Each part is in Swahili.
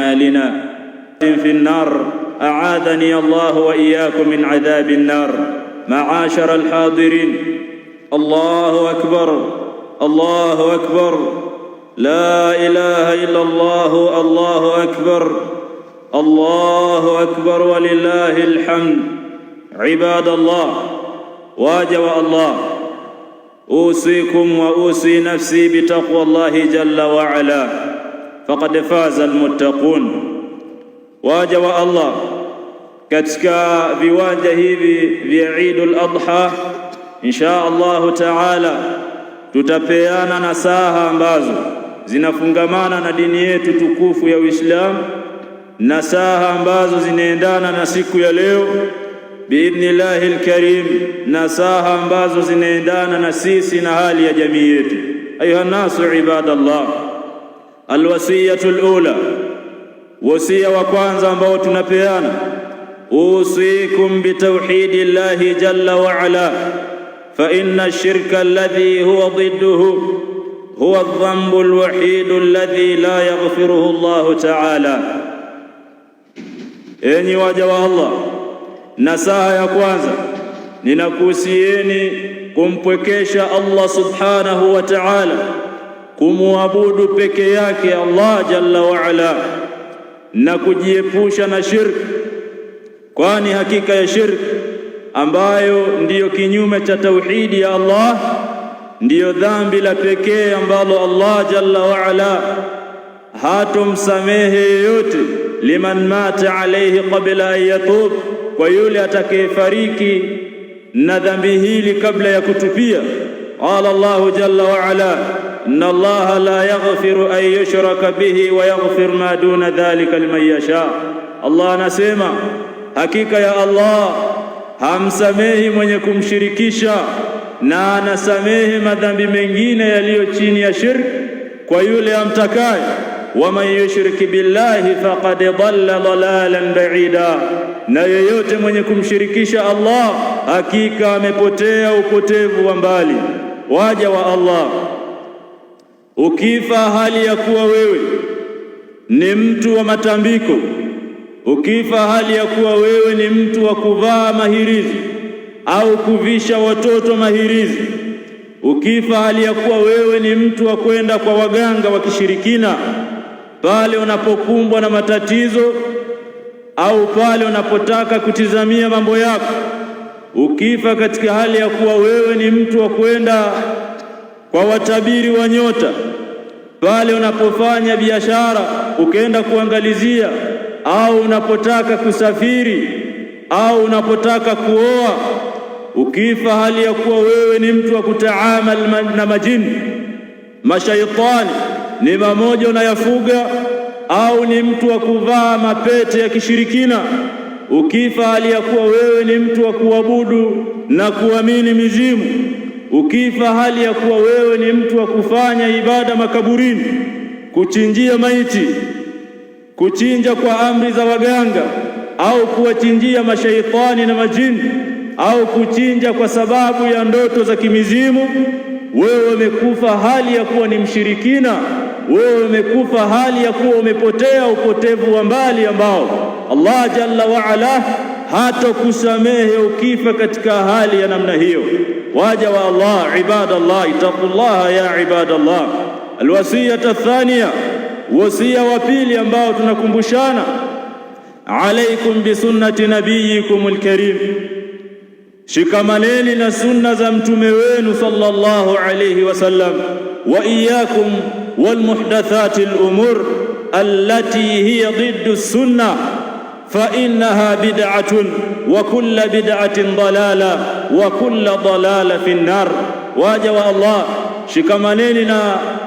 أعمالنا في النار أعاذني الله وإياكم من عذاب النار معاشر الحاضرين الله أكبر الله أكبر لا إله إلا الله الله أكبر الله أكبر ولله الحمد عباد الله واجب الله أوصيكم وأوصي نفسي بتقوى الله جل وعلا faqad faza almuttaqun, waja wa Allah katika viwanja hivi vya Eidul Adha insha Allahu taala tutapeana nasaha ambazo zinafungamana na dini yetu tukufu ya Uislamu, nasaha ambazo zinaendana na siku ya leo biidhnillahi lkarim, nasaha ambazo zinaendana na sisi na hali ya jamii yetu. Ayuha nnasu ibadallah Alwasiyatu lula, wasia wa kwanza ambao tunapeana, usikum bitauhidi llahi jalla waala fa inna shirka alladhi huwa dhidduhu huwa aldhambu alwahidu alladhi la yaghfiruhu llahu taala. Enyi waja wa Allah, nasaha ya kwanza ninakuhusieni kumpwekesha Allah subhanahu wa taala kumwabudu peke yake Allah jalla waala na kujiepusha na shirk kwani hakika ya shirk ambayo ndiyo kinyume cha tauhidi ya Allah ndiyo dhambi la pekee ambalo Allah jalla waala hatomsamehe yeyote. liman mata alayhi qabla an yatub, kwa yule atakayefariki na dhambi hili kabla ya kutupia. Qala Allahu jalla waala inna allaha la yaghfiru an yushraka bihi wa yaghfir ma duna dhalika liman yasha. Allah anasema hakika ya Allah hamsamehi mwenye kumshirikisha na anasamehe madhambi mengine yaliyo chini ya shirk kwa yule amtakaye. Waman yushrik billahi faqad dhalla dhalalan baida, na yeyote mwenye kumshirikisha Allah hakika amepotea upotevu wa mbali. Waja wa Allah ukifa hali ya kuwa wewe ni mtu wa matambiko, ukifa hali ya kuwa wewe ni mtu wa kuvaa mahirizi au kuvisha watoto mahirizi, ukifa hali ya kuwa wewe ni mtu wa kwenda kwa waganga wa kishirikina pale unapokumbwa na matatizo au pale unapotaka kutizamia mambo yako, ukifa katika hali ya kuwa wewe ni mtu wa kwenda kwa watabiri wa nyota. Pale unapofanya biashara ukaenda kuangalizia, au unapotaka kusafiri au unapotaka kuoa, ukifa hali ya kuwa wewe ni mtu wa kutaamal na majini mashaitani, ni mamoja unayafuga, au ni mtu wa kuvaa mapete ya kishirikina, ukifa hali ya kuwa wewe ni mtu wa kuabudu na kuamini mizimu ukifa hali ya kuwa wewe ni mtu wa kufanya ibada makaburini, kuchinjia maiti, kuchinja kwa amri za waganga, au kuwachinjia mashaitani na majini, au kuchinja kwa sababu ya ndoto za kimizimu, wewe umekufa hali ya kuwa ni mshirikina, wewe umekufa hali ya kuwa umepotea upotevu wa mbali ambao Allah jalla waala hatakusamehe ukifa katika hali ya namna hiyo. Waja wa Allah, ibadallah, ittaqullaha ya ibadallah. Alwasiyata thaniya, wasia wa pili ambao tunakumbushana, alaikum bisunnati nabiyikum alkarim, shikamaneni na sunna za mtume wenu sallallahu alayhi wasallam. Wa iyyakum walmuhdathati alumur allati hiya dhiddu sunnah fa innaha bid'atun wa kulla bid'atin dalala wa kulla dalala fi nnar. Waja wa Allah, shikamaneni na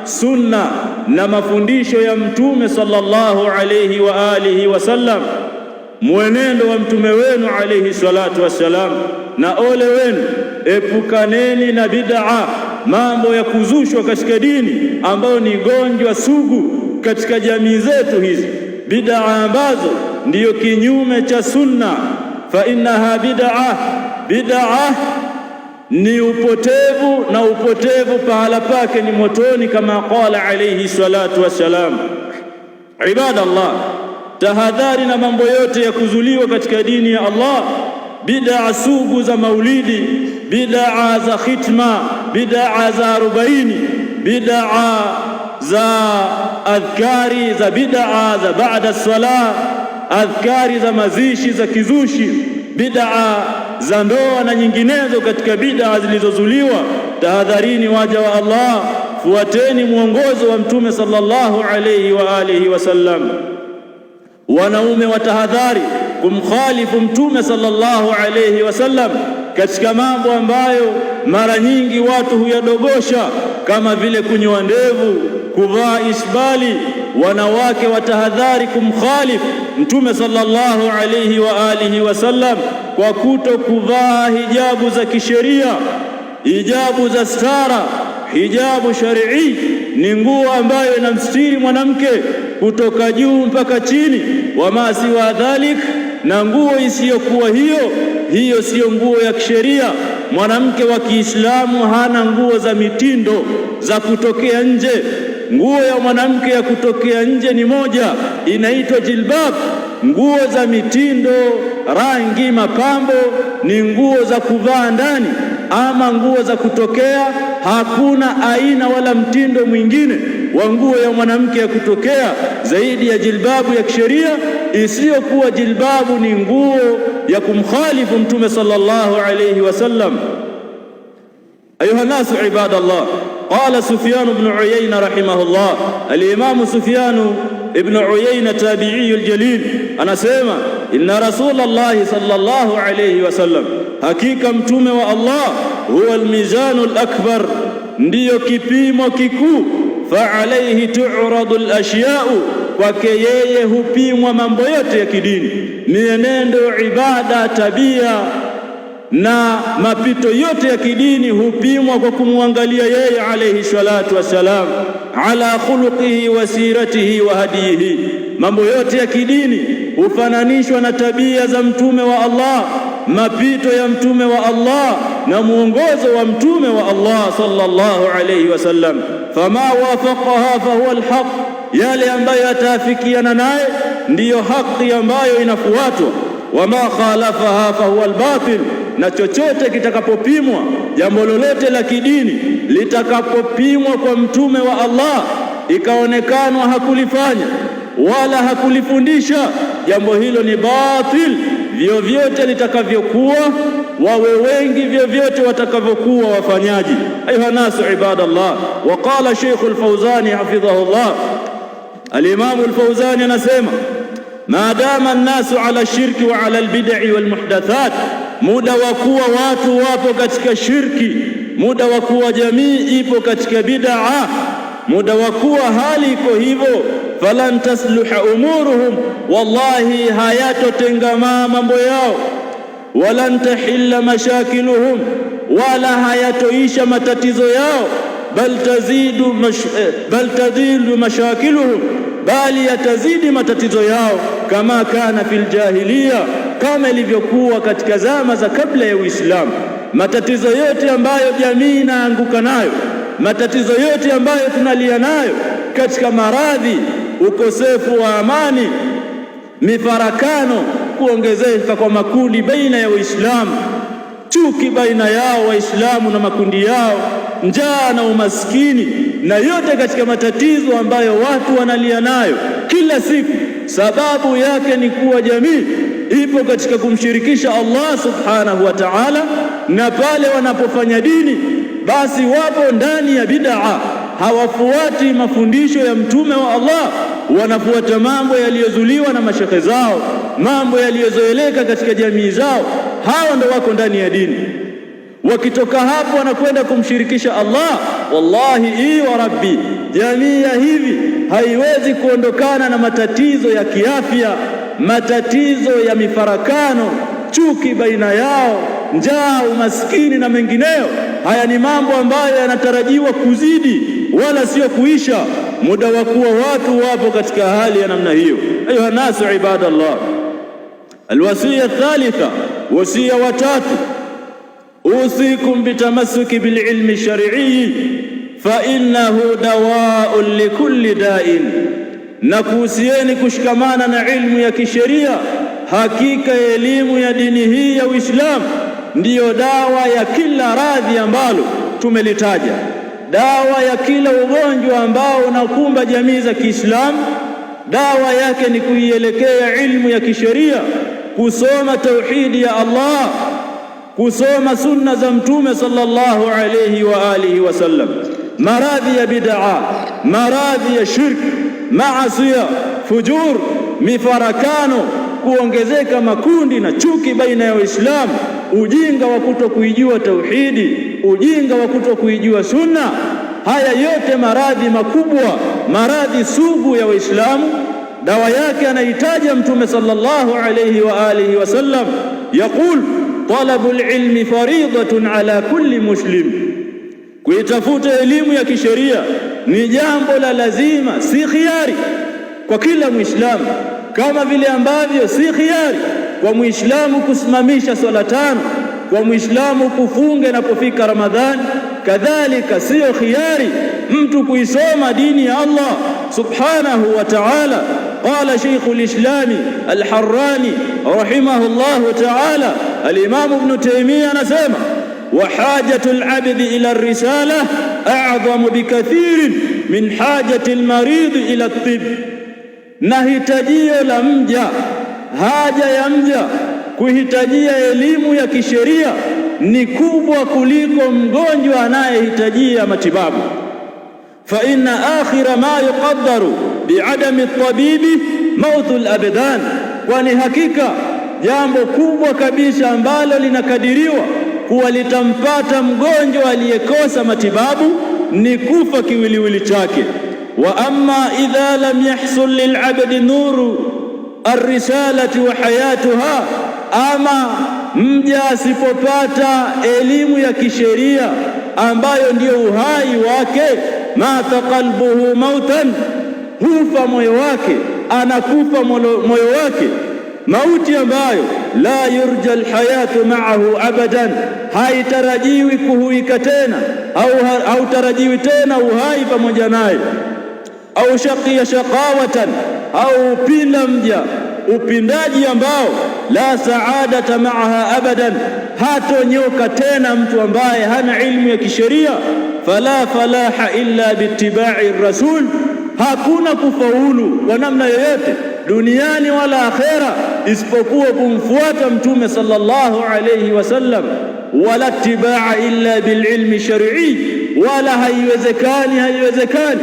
sunna na mafundisho ya Mtume sallallahu alayhi wa alihi wasallam, mwenendo wa mtume wenu alayhi salatu wassalam. Na ole wenu, epukaneni na bid'a, mambo ya kuzushwa katika dini ambayo ni gonjwa sugu katika jamii zetu hizi, bid'a ambazo ndiyo kinyume cha sunna. Fa innaha bid'a, bid'a ni upotevu na upotevu pahala pake ni motoni, kama qala alayhi salatu wassalam. Ibadallah, tahadhari na mambo yote ya kuzuliwa katika dini ya Allah, bid'a sugu za maulidi, bid'a za khitma, bid'a za arobaini, bid'a za adhkari, za bid'a za baada salah adhkari za mazishi za kizushi, bid'a za ndoa na nyinginezo katika bid'a zilizozuliwa. Tahadharini waja wa Allah, fuateni mwongozo wa Mtume sallallahu alayhi wa alihi wasallam. Wanaume watahadhari kumkhalifu Mtume sallallahu alayhi wasallam katika mambo ambayo mara nyingi watu huyadogosha kama vile kunyoa ndevu, kuvaa isbali wanawake watahadhari kumkhalifu Mtume sallallahu alayhi wa alihi wasallam kwa kuto kuvaa hijabu za kisheria, hijabu za stara. Hijabu sharii ni nguo ambayo inamstiri mwanamke kutoka juu mpaka chini, wamasiwa dhalik, na nguo isiyokuwa hiyo, hiyo siyo nguo ya kisheria. Mwanamke wa Kiislamu hana nguo za mitindo za kutokea nje Nguo ya mwanamke ya kutokea nje ni moja, inaitwa jilbab. Nguo za mitindo, rangi, mapambo ni nguo za kuvaa ndani, ama nguo za kutokea. Hakuna aina wala mtindo mwingine wa nguo ya mwanamke ya kutokea zaidi ya jilbabu ya kisheria, isiyokuwa jilbabu ni nguo ya kumkhalifu Mtume sallallahu alayhi wasallam. Ayuha nasu ibadallah qala Sufyan ibn Uyayna rahimahullah, alimamu Sufyanu ibn Uyayna tabiiyu ljalil anasema inna rasulallahi sallallahu alayhi wasallam, hakika mtume wa Allah huwa almizanu alakbar, ndiyo kipimo kikuu. Fa alayhi tu'radu alashya'u, kwake yeye hupimwa mambo yote ya kidini, mienendo, ibada, tabia na mapito yote ya kidini hupimwa kwa kumwangalia yeye alayhi salatu wassalam, ala khuluqihi wa siratihi wa hadiyihi. Mambo yote ya kidini hufananishwa na tabia za mtume wa Allah, mapito ya mtume wa Allah na mwongozo wa mtume wa Allah sallallahu alayhi wasallam. Fama wafaqaha fahuwa alhaq, yale ambayo yataafikiana naye ndiyo haki ambayo inafuatwa, wama khalafaha fahuwa albatil na chochote kitakapopimwa, jambo lolote la kidini litakapopimwa kwa mtume wa Allah ikaonekanwa hakulifanya wala hakulifundisha, jambo hilo ni batil vyovyote litakavyokuwa, wawe wengi vyovyote watakavyokuwa wafanyaji. Ayuha nasu ibadallah. waqala sheikhu Sheikh al-Fauzani hafidhahullah, al-Imam anasema madama nnasu ala lshirki wa ala lbidai walmuhdathat muda wa kuwa watu wapo katika shirki, muda wa kuwa jamii ipo katika bid'a, muda wa kuwa hali iko hivyo, falan tasluha umuruhum, wallahi hayatotengamaa mambo yao, walan tahilla mashakiluhum, wala hayatoisha matatizo yao, bal tazidu mash, eh, bal tazidu mashakiluhum, bali yatazidi matatizo yao, kama kana fil jahiliya kama ilivyokuwa katika zama za kabla ya Uislamu. Matatizo yote ambayo jamii inaanguka nayo, matatizo yote ambayo tunalia nayo katika maradhi, ukosefu wa amani, mifarakano, kuongezeka kwa makundi baina ya Waislamu, chuki baina yao Waislamu na makundi yao, njaa na umaskini, na yote katika matatizo ambayo watu wanalia nayo kila siku, sababu yake ni kuwa jamii ipo katika kumshirikisha Allah subhanahu wa ta'ala, na pale wanapofanya dini, basi wapo ndani ya bid'a, hawafuati mafundisho ya mtume wa Allah, wanafuata mambo yaliyozuliwa na mashekhe zao, mambo yaliyozoeleka katika jamii zao. Hawa ndo wako ndani ya dini. Wakitoka hapo wanakwenda kumshirikisha Allah. Wallahi, ii wa rabbi, jamii ya hivi haiwezi kuondokana na matatizo ya kiafya matatizo ya mifarakano, chuki baina yao, njaa, umaskini na mengineyo. Haya ni mambo ambayo yanatarajiwa kuzidi wala sio kuisha, muda wa kuwa watu wapo katika hali ya namna hiyo. Ayuha nasu ibadallah, alwasiya thalitha, wasia watatu usikum bitamasuki bililmi shar'ii fa innahu dawaun likulli da'in na kuhusieni kushikamana na ilmu ya kisheria. Hakika elimu ya dini hii ya Uislamu ndiyo dawa ya kila radhi ambalo tumelitaja, dawa ya kila ugonjwa ambao unakumba jamii za Kiislamu. Dawa yake ni kuielekea ilmu ya kisheria, kusoma tauhidi ya Allah, kusoma sunna za Mtume sallallahu alayhi wa alihi wasallam, maradhi ya bid'a, maradhi ya shirki maasia, fujur, mifarakano, kuongezeka makundi na chuki baina ya Waislamu, ujinga wa kuto kuijua tauhidi, ujinga wa kuto kuijua sunna. Haya yote maradhi makubwa, maradhi sugu ya Waislamu. Dawa yake anaitaja Mtume sallallahu alayhi wa alihi wasallam, yaqul talabu lilmi faridatun ala kulli muslim, kuitafuta elimu ya kisheria ni jambo la lazima, si khiari kwa kila Mwislamu, kama vile ambavyo si khiari kwa Mwislamu kusimamisha swala tano, kwa Mwislamu kufunga inapofika Ramadhani. Kadhalika siyo khiari mtu kuisoma dini ya Allah subhanahu wa ta'ala. Qala sheikhu lislami Al-Harrani rahimahullahu ta'ala, alimamu imamu Ibn anasema wa hajatu al ila risala adhamu bikathirin min hajati lmaridi ila tib, na hitajio la mja, haja ya mja kuhitajia elimu ya kisheria ni kubwa kuliko mgonjwa anayehitajia matibabu. fa inna akhira ma yuqaddaru biadami tabibi mautu labdan, kwani hakika jambo kubwa kabisa ambalo linakadiriwa kuwa litampata mgonjwa aliyekosa matibabu ni kufa kiwiliwili chake. Wa amma idha lam yahsul lilabdi nuru arrisalati wa hayatuha, ama mja asipopata elimu ya kisheria ambayo ndiyo uhai wake, mata qalbuhu mautan, hufa moyo wake, anakufa moyo wake mauti ambayo la yurja alhayatu ma'ahu abadan, haitarajiwi kuhuika tena au hautarajiwi tena uhai pamoja naye. Au shaqiya shaqawatan, au upinda mja upindaji ambao la saadata ma'aha abadan, hatonyoka tena mtu ambaye hana ilmu ya kisheria. Fala falaha illa biittiba'i rasul hakuna kufaulu kwa namna yoyote duniani wala akhera isipokuwa kumfuata Mtume sallallahu alayhi wasallam. Wala tibaa illa bililmi sharii wala haiwezekani, haiwezekani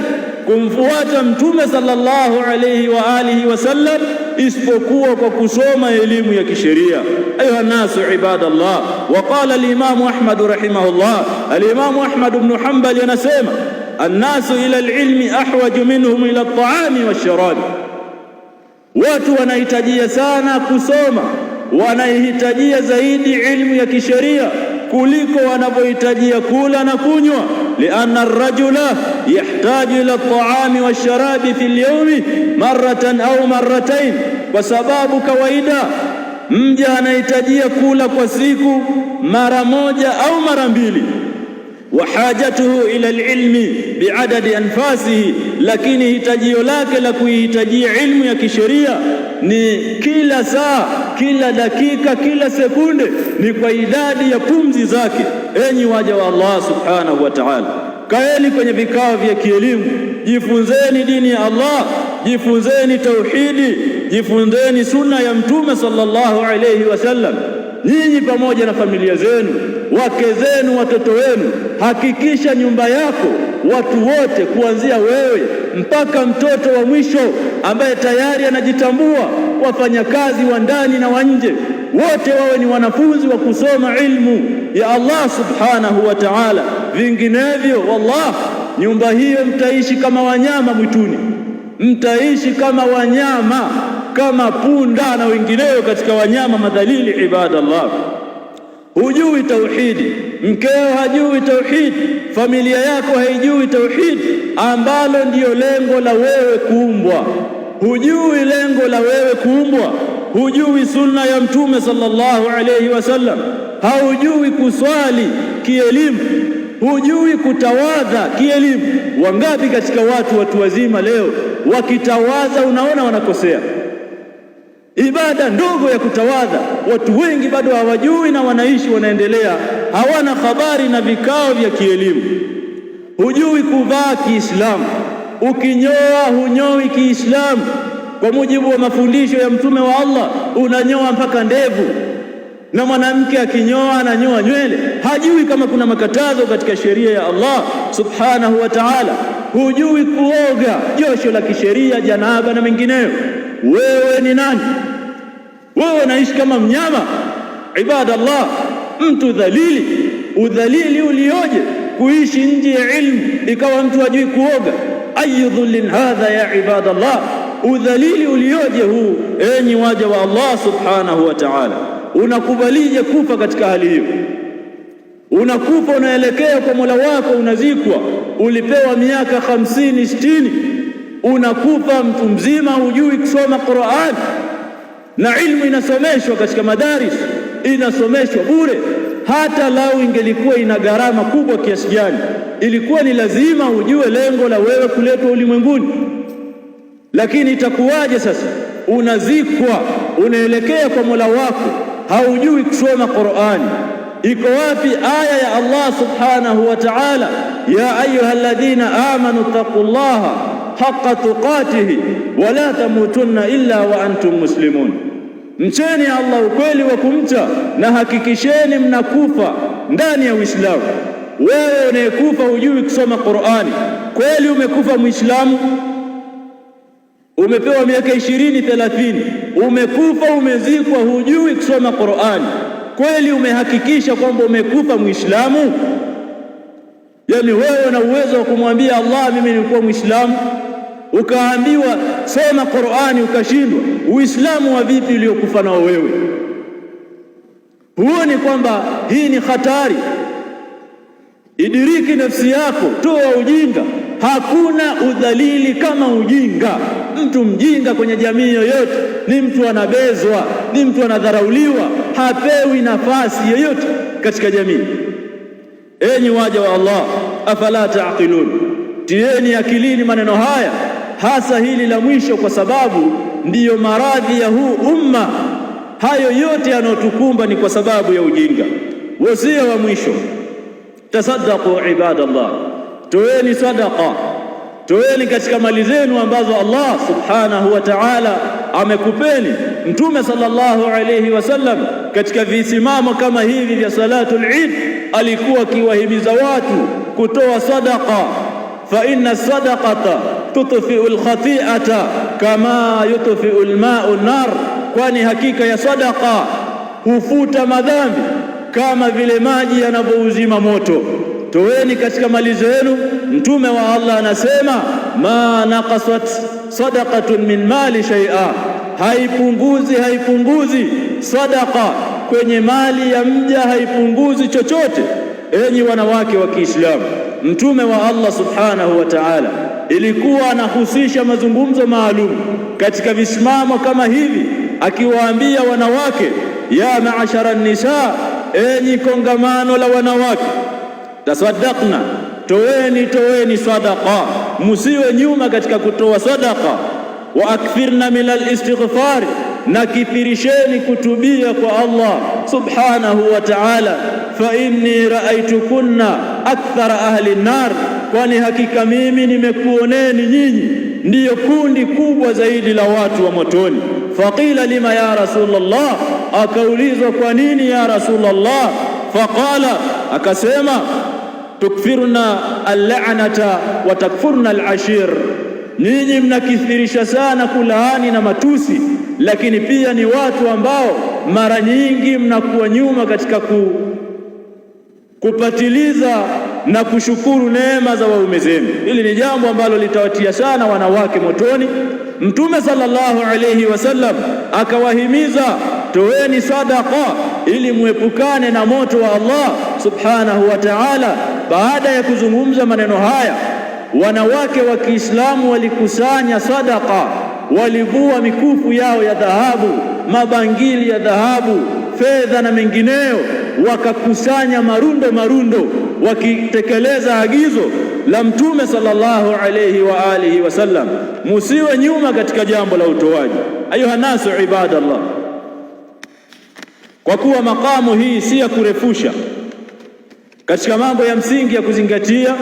kumfuata Mtume sallallahu alayhi wa alihi wasallam isipokuwa kwa kusoma elimu ya kisheria. Ayuha nasu ibadallah. Wa qala alimamu Ahmad rahimahullah, alimamu Ahmad ibn Hanbal anasema annasu ila alilmi ahwaju minhum ila ltaami walsharabi, watu wanahitajia sana kusoma, wanaihitajia zaidi ilmu ya kisheria kuliko wanavyohitajia kula na kunywa. lianna arrajula yahtaju ila ltaami walsharabi fi lyaumi maratan au maratain, kwa sababu kawaida mja anahitajia kula kwa siku mara moja au mara mbili wa hajatuhu ila alilmi biadadi anfasihi, lakini hitajio lake la kuihitajia ilmu ya kisheria ni kila saa, kila dakika, kila sekunde, ni kwa idadi ya pumzi zake. Enyi waja wa Allah subhanahu wa ta'ala, kaeni kwenye vikao vya kielimu, jifunzeni dini ya Allah, jifunzeni tauhidi, jifunzeni sunna ya Mtume sallallahu alayhi wasallam nyinyi pamoja na familia zenu, wake zenu, watoto wenu. Hakikisha nyumba yako, watu wote, kuanzia wewe mpaka mtoto wa mwisho ambaye tayari anajitambua, wafanyakazi wa ndani na wa nje, wote wawe ni wanafunzi wa kusoma ilmu ya Allah subhanahu wa ta'ala. Vinginevyo wallah, nyumba hiyo mtaishi kama wanyama mwituni, mtaishi kama wanyama kama punda na wengineyo katika wanyama madhalili. Ibadallah, hujui tauhidi, mkeo hajui tauhidi, familia yako haijui tauhidi, ambalo ndiyo lengo la wewe kuumbwa. Hujui lengo la wewe kuumbwa, hujui sunna ya Mtume sallallahu alayhi wasallam, haujui kuswali kielimu hujui kutawadha kielimu. Wangapi katika watu watu wazima leo wakitawadha, unaona wanakosea ibada ndogo ya kutawadha, watu wengi bado hawajui na wanaishi wanaendelea, hawana habari na vikao vya kielimu. Hujui kuvaa Kiislamu, ukinyoa hunyoi Kiislamu kwa mujibu wa mafundisho ya Mtume wa Allah, unanyoa mpaka ndevu, na mwanamke akinyoa ananyoa nywele. Hajui kama kuna makatazo katika sheria ya Allah subhanahu wa ta'ala. Hujui kuoga, josho la kisheria, janaba na mengineyo wewe ni nani? Wewe unaishi kama mnyama? Ibadallah, mtu dhalili, udhalili ulioje! Kuishi nje ya ilmu, ikawa mtu ajui kuoga. Ayu dhulin hadha ya ibadallah, udhalili ulioje huu, enyi waja wa Allah subhanahu wa ta'ala. Unakubalije kufa katika hali hiyo? Unakufa unaelekea kwa Mola wako, unazikwa. Ulipewa miaka hamsini sitini unakufa mtu mzima, hujui kusoma Qur'an, na ilmu inasomeshwa katika madaris, inasomeshwa bure. Hata lau ingelikuwa ina gharama kubwa kiasi gani, ilikuwa ni lazima ujue lengo la wewe kuletwa ulimwenguni. Lakini itakuwaje sasa? Unazikwa, unaelekea kwa Mola wako, haujui kusoma Qur'an? Iko wapi aya ya Allah subhanahu wa ta'ala, ya ayuha alladhina amanu taqullaha haqa tuqatihi wala tamutunna illa wa antum muslimun, mcheni Allah ukweli wa kumcha na hakikisheni mnakufa ndani ya Uislamu. Wewe unayekufa hujui kusoma Qur'ani, kweli umekufa Muislamu? Umepewa miaka ishirini thelathini, umekufa umezikwa, hujui kusoma Qur'ani, kweli umehakikisha kwamba umekufa Muislamu? Yaani wewe una uwezo wa kumwambia Allah, mimi nilikuwa Muislamu? ukaambiwa soma Qur'ani ukashindwa, Uislamu wa vipi uliokufa nao wewe? Huoni kwamba hii ni hatari? Idiriki nafsi yako, toa ujinga. Hakuna udhalili kama ujinga. Mtu mjinga kwenye jamii yoyote ni mtu anabezwa, ni mtu anadharauliwa, hapewi nafasi yoyote katika jamii. Enyi waja wa Allah, afala taqilun, tieni akilini maneno haya hasa hili la mwisho, kwa sababu ndiyo maradhi ya huu umma. Hayo yote yanayotukumba ni kwa sababu ya ujinga. Wasia wa mwisho, tasaddaqu ibadallah, toeni sadaqa, toeni katika mali zenu ambazo Allah subhanahu wa ta'ala amekupeni. Mtume sallallahu alayhi wasallam katika visimamo kama hivi vya salatul Eid alikuwa akiwahimiza watu kutoa sadaqa, fa inna sadaqata tutfiu lkhatiata kama yutfiu lmau nar, kwani hakika ya sadaqa hufuta madhambi kama vile maji yanavyouzima moto. Toweni katika mali zenu. Mtume wa Allah anasema ma naqasat sadaqatun min mali shay'a, haipunguzi haipunguzi sadaqa kwenye mali ya mja haipunguzi chochote, enyi wanawake wa Kiislamu. Mtume wa Allah subhanahu wa ta'ala ilikuwa anahusisha mazungumzo maalum katika visimamo kama hivi, akiwaambia wanawake, ya maashara nisa, enyi kongamano la wanawake, tasaddaqna, toweni toweni sadaqa, musiwe nyuma katika kutoa sadaqa, wa akthirna min alistighfari na kithirisheni kutubia kwa Allah subhanahu wa ta'ala, fa inni raaytukunna akthara ahli nar, kwani hakika mimi nimekuoneni nyinyi ndiyo kundi kubwa zaidi la watu wa motoni. Faqila lima ya Rasulullah, akaulizwa kwa nini ya Rasulullah? Faqala, akasema tukfirna allanata wa takfurna alashir, nyinyi mnakithirisha sana kulaani na matusi lakini pia ni watu ambao mara nyingi mnakuwa nyuma katika ku, kupatiliza na kushukuru neema za waume zenu. Hili ni jambo ambalo litawatia sana wanawake motoni. Mtume sallallahu alayhi wasallam akawahimiza toweni sadaqa ili muepukane na moto wa Allah subhanahu wa ta'ala. Baada ya kuzungumza maneno haya, wanawake wa Kiislamu walikusanya sadaqa walivua mikufu yao ya dhahabu, mabangili ya dhahabu, fedha na mengineyo, wakakusanya marundo marundo, wakitekeleza agizo la Mtume sallallahu alayhi wa alihi wasallam, musiwe nyuma katika jambo la utoaji. Ayuha nasu ibadallah, kwa kuwa makamu hii si ya kurefusha katika mambo ya msingi ya kuzingatia.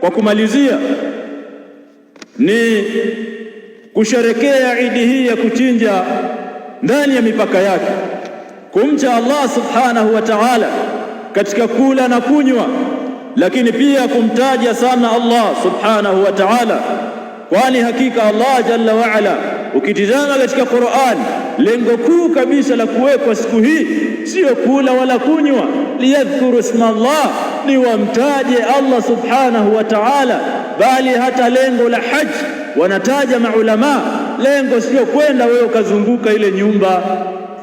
Kwa kumalizia ni kusherekea idi hii ya kuchinja ndani ya mipaka yake, kumcha Allah subhanahu wa ta'ala katika kula na kunywa, lakini pia kumtaja sana Allah subhanahu wa ta'ala, kwani hakika Allah jalla waala, ukitizama katika Qur'an, lengo kuu kabisa la kuwekwa siku hii sio kula wala kunywa, liyadhkuru isma Allah, ni wamtaje Allah subhanahu wa ta'ala, bali hata lengo la haji Wanataja maulamaa, lengo sio kwenda wewe ukazunguka ile nyumba,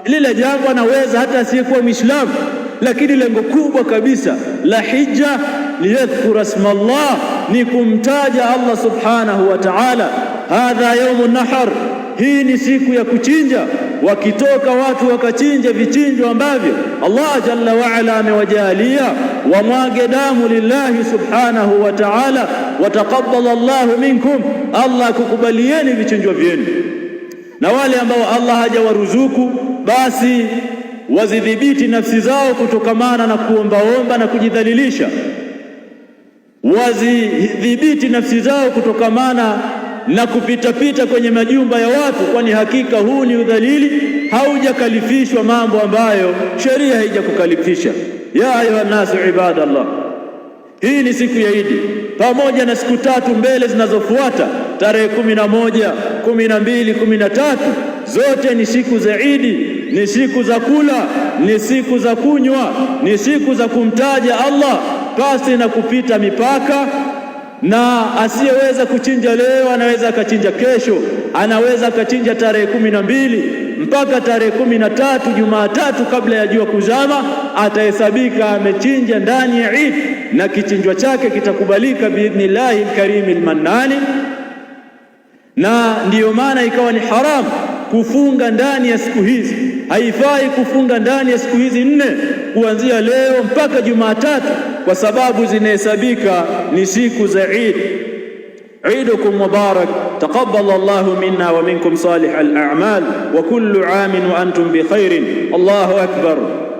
lile jambo anaweza hata asiyekuwa Mwislamu, lakini lengo kubwa kabisa la hija liyadhkura sma llah, ni kumtaja Allah subhanahu wa ta'ala. Hadha yaumu nahar, hii ni siku ya kuchinja wakitoka watu wakachinja vichinjo ambavyo Allah jalla waala amewajalia, wamwage damu lillahi subhanahu wa ta'ala. Wataqabbala llahu minkum, Allah akukubalieni vichinjo vyenu. Na wale ambao Allah hajawaruzuku basi wazidhibiti nafsi zao kutokamana na kuombaomba na kujidhalilisha, wazidhibiti nafsi zao kutokamana na kupitapita kwenye majumba ya watu, kwani hakika huu ni udhalili, haujakalifishwa mambo ambayo sheria haijakukalifisha. Ya ayuha nasu ibadallah, hii ni siku ya Idi pamoja na siku tatu mbele zinazofuata tarehe kumi na moja, kumi na mbili, kumi na tatu, zote ni siku za Idi, ni siku za kula, ni siku za kunywa, ni siku za kumtaja Allah pasi na kupita mipaka na asiyeweza kuchinja leo anaweza akachinja kesho, anaweza akachinja tarehe kumi na mbili mpaka tarehe kumi na tatu Jumatatu kabla ya jua kuzama, atahesabika amechinja ndani ya Eid na kichinjwa chake kitakubalika biidhnillahi lkarimi lmannani. Na ndiyo maana ikawa ni haramu kufunga ndani ya siku hizi, haifai kufunga ndani ya siku hizi nne kuanzia leo mpaka Jumatatu, kwa sababu zinahesabika ni siku za Eid. Eidukum mubarak taqabbal Allahu minna wa minkum salih al a'mal wa kullu amin wa antum bi khairin. Allahu akbar,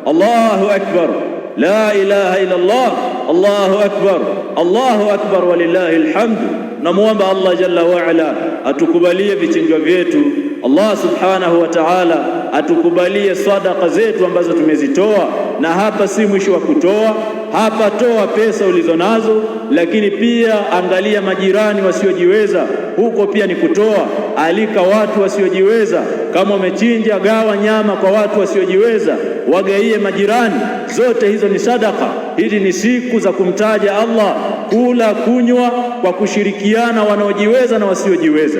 Allahu akbar, la ilaha illa Allah, Allahu akbar, Allahu akbar, walillahi alhamd. Namwomba Allah jalla wa ala atukubalie vichenga vyetu Allah subhanahu wa ta'ala atukubalie sadaka zetu ambazo tumezitoa, na hapa si mwisho wa kutoa. Hapa toa pesa ulizonazo, lakini pia angalia majirani wasiojiweza, huko pia ni kutoa. Alika watu wasiojiweza, kama umechinja, gawa nyama kwa watu wasiojiweza, wagaie majirani. Zote hizo ni sadaka. Hizi ni siku za kumtaja Allah, kula, kunywa kwa kushirikiana, wanaojiweza na wasiojiweza.